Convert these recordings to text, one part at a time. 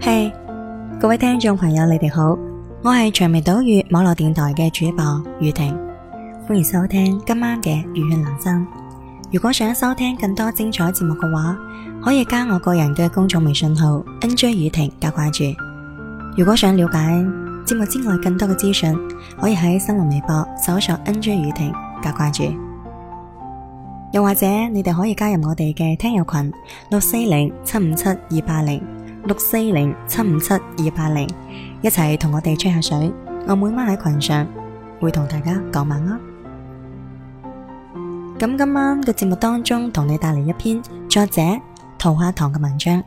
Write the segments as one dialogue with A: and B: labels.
A: 嘿，hey, 各位聽眾朋友，你哋好，我係長眉島嶼網絡電台嘅主播宇婷，歡迎收聽今晚嘅雨潤人生。如果想收聽更多精彩節目嘅話，可以加我個人嘅公眾微信號 NJ 宇婷，加關注。如果想了解節目之外更多嘅資訊，可以喺新浪微博搜索 NJ 宇婷，加關注。又或者你哋可以加入我哋嘅聽友群六四零七五七二八零六四零七五七二八零，80, 80, 一齊同我哋吹下水。我每晚喺群上會同大家講晚安。咁今晚嘅節目當中，同你帶嚟一篇作者陶下棠嘅文章。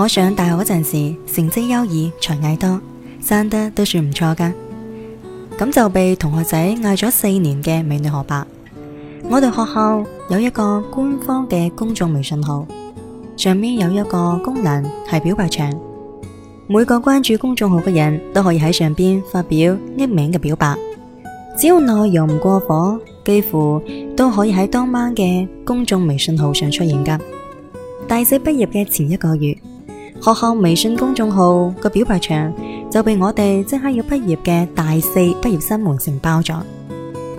A: 我上大學嗰陣時，成績優異，才藝多，生得都算唔錯噶。咁就被同學仔嗌咗四年嘅美女學霸。我哋學校有一個官方嘅公眾微信號，上面有一個功能係表白牆，每個關注公眾號嘅人都可以喺上邊發表匿名嘅表白。只要內容唔過火，幾乎都可以喺當晚嘅公眾微信號上出現噶。大四畢業嘅前一個月，學校微信公眾號個表白牆就被我哋即刻要畢業嘅大四畢業生們承包咗。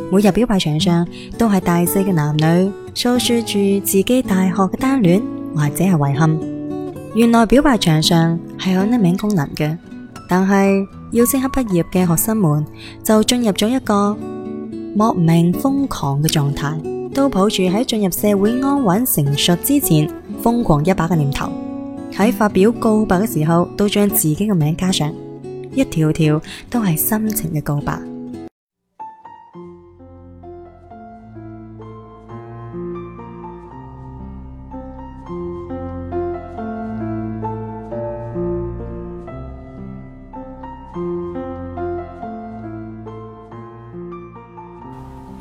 A: 每日表白牆上都係大四嘅男女訴說住自己大學嘅單戀或者係遺憾。原來表白牆上係有匿名功能嘅，但係要即刻畢業嘅學生們就進入咗一個莫名瘋狂嘅狀態，都抱住喺進入社會安穩成熟之前瘋狂一把嘅念頭。喺發表告白嘅時候，都將自己嘅名加上，一條條都係深情嘅告白。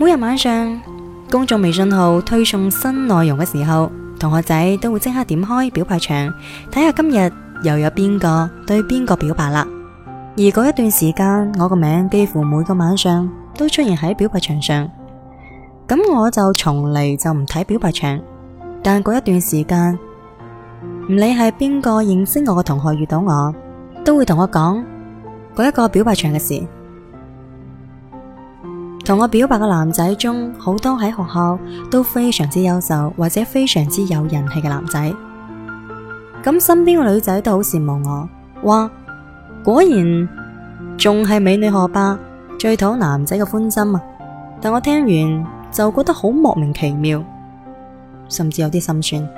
A: 每日晚上，公眾微信號推送新內容嘅時候，同學仔都會即刻點開表白牆睇下今日又有邊個對邊個表白啦。而嗰一段時間，我個名幾乎每個晚上都出現喺表白牆上。咁我就從嚟就唔睇表白牆，但嗰一段時間，唔理係邊個認識我嘅同學遇到我，都會同我講嗰一個表白牆嘅事。同我表白嘅男仔中，好多喺學校都非常之優秀或者非常之有人氣嘅男仔。咁身邊嘅女仔都好羨慕我，哇，果然仲係美女學霸最討男仔嘅歡心啊！但我聽完就覺得好莫名其妙，甚至有啲心酸，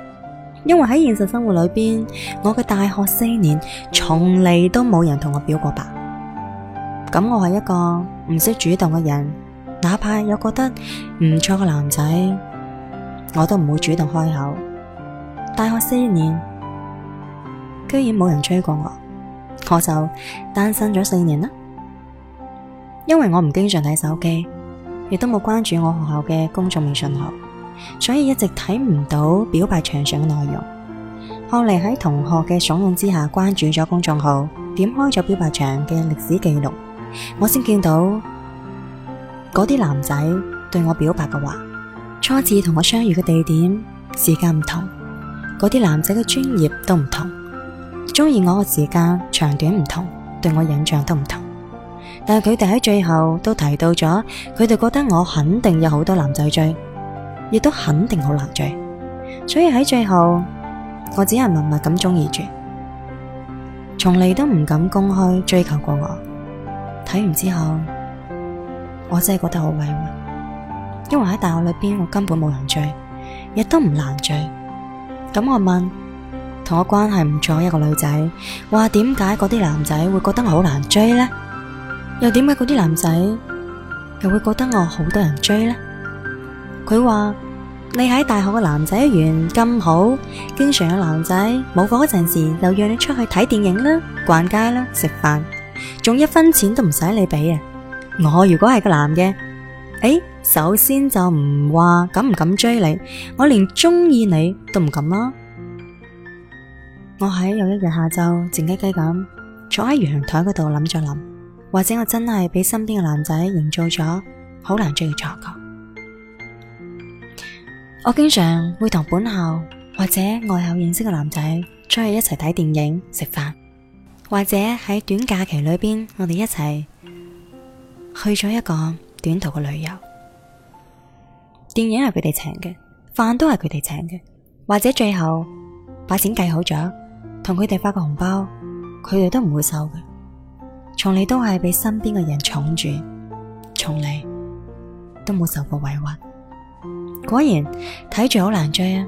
A: 因為喺現實生活裏邊，我嘅大學四年從嚟都冇人同我表過白。咁我係一個唔識主動嘅人。哪怕有覺得唔錯嘅男仔，我都唔會主動開口。大學四年，居然冇人追過我，我就單身咗四年啦。因為我唔經常睇手機，亦都冇關注我學校嘅公眾微信號，所以一直睇唔到表白牆上嘅內容。後嚟喺同學嘅慫恿之下，關注咗公眾號，點開咗表白牆嘅歷史記錄，我先見到。嗰啲男仔對我表白嘅話，初次同我相遇嘅地點、時間唔同，嗰啲男仔嘅專業都唔同，中意我嘅時間長短唔同，對我印象都唔同。但係佢哋喺最後都提到咗，佢哋覺得我肯定有好多男仔追，亦都肯定好難追。所以喺最後，我只係默默咁中意住，從嚟都唔敢公開追求過我。睇完之後，我真係覺得好委屈，因為喺大學裏邊，我根本冇人追，亦都唔難追。咁我問同我關係唔錯一個女仔，話點解嗰啲男仔會覺得我好難追呢？又點解嗰啲男仔又會覺得我好多人追呢？佢話你喺大學嘅男仔緣咁好，經常有男仔冇課嗰陣時就約你出去睇電影啦、逛街啦、食飯，仲一分錢都唔使你俾啊！我如果係個男嘅，誒，首先就唔話敢唔敢追你，我連中意你都唔敢啦。我喺有一日下晝靜雞雞咁坐喺陽台嗰度諗咗諗，或者我真係俾身邊嘅男仔營造咗好難追嘅錯覺。我經常會同本校或者外校認識嘅男仔出去一齊睇電影、食飯，或者喺短假期裏邊，我哋一齊。去咗一個短途嘅旅遊，電影係佢哋請嘅，飯都係佢哋請嘅，或者最後把錢計好咗，同佢哋發個紅包，佢哋都唔會收嘅。從嚟都係俾身邊嘅人寵住，從嚟都冇受過委屈。果然睇住好難追啊！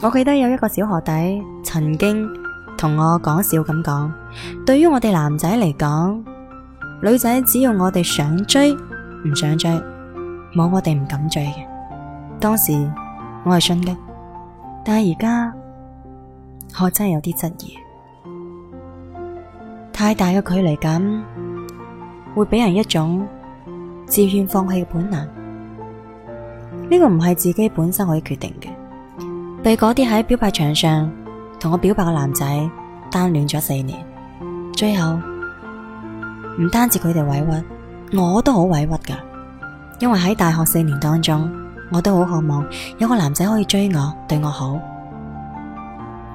A: 我記得有一個小學弟曾經同我講笑咁講，對於我哋男仔嚟講。女仔只要我哋想追，唔想追，冇我哋唔敢追嘅。當時我係信嘅，但係而家我真係有啲質疑。太大嘅距離感，會俾人一種自願放棄嘅本能。呢個唔係自己本身可以決定嘅。被嗰啲喺表白牆上同我表白嘅男仔單戀咗四年，最後。唔單止佢哋委屈，我都好委屈噶。因為喺大學四年當中，我都好渴望有個男仔可以追我，對我好，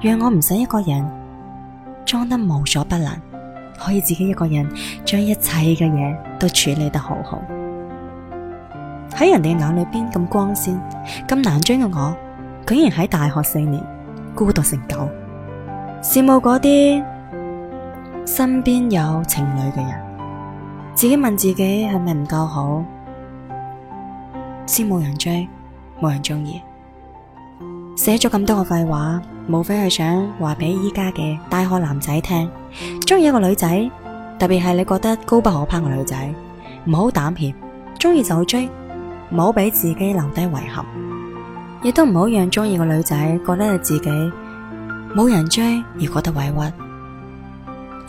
A: 讓我唔使一個人裝得無所不能，可以自己一個人將一切嘅嘢都處理得好好。喺人哋眼裏邊咁光鮮、咁難追嘅我，居然喺大學四年孤獨成狗，羨慕嗰啲身邊有情侶嘅人。自己問自己係咪唔夠好先冇人追冇人中意？寫咗咁多個廢話，無非係想話俾依家嘅大學男仔聽，中意一個女仔，特別係你覺得高不可攀嘅女仔，唔好膽怯，中意就追，唔好俾自己留低遺憾，亦都唔好讓中意個女仔覺得係自己冇人追而覺得委屈。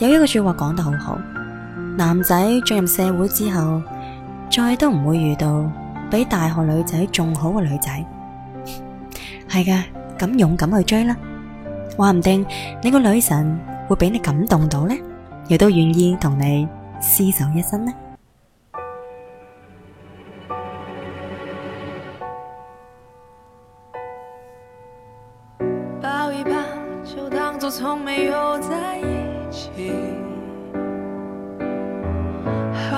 A: 有一個說話講得好好。男仔進入社會之後，再都唔會遇到比大學女仔仲好嘅女仔。係 㗎，咁勇敢去追啦！話唔定你個女神會俾你感動到呢，亦都願意同你廝守一生呢。
B: 抱一抱，就當作從沒有在一起。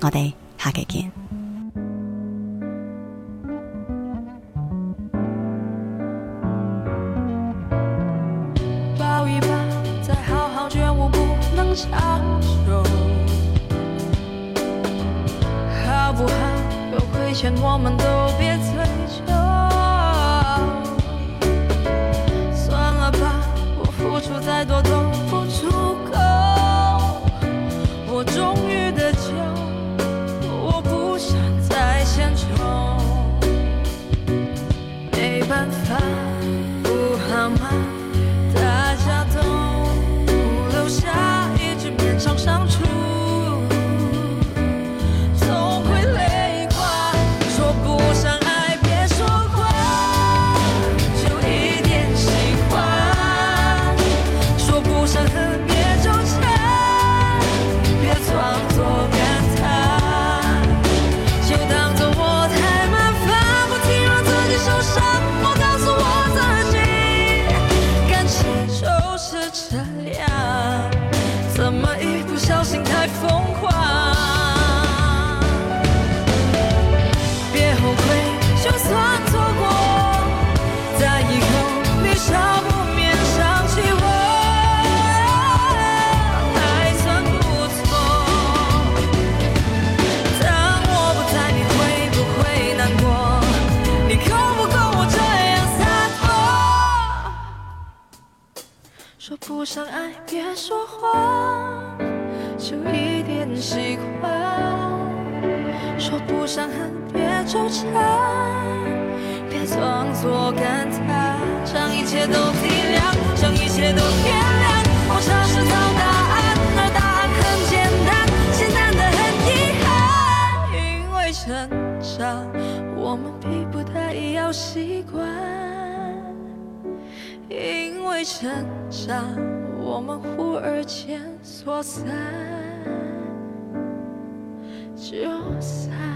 A: 我哋下期
B: 見。不想恨，別糾纏，別裝作感嘆，將一切都體諒，將一切都原諒，我嘗試找答案，而答案很簡單，簡單得很遺憾，因為成長，我們逼不得已要習慣，因為成長，我們忽而間說散，就散。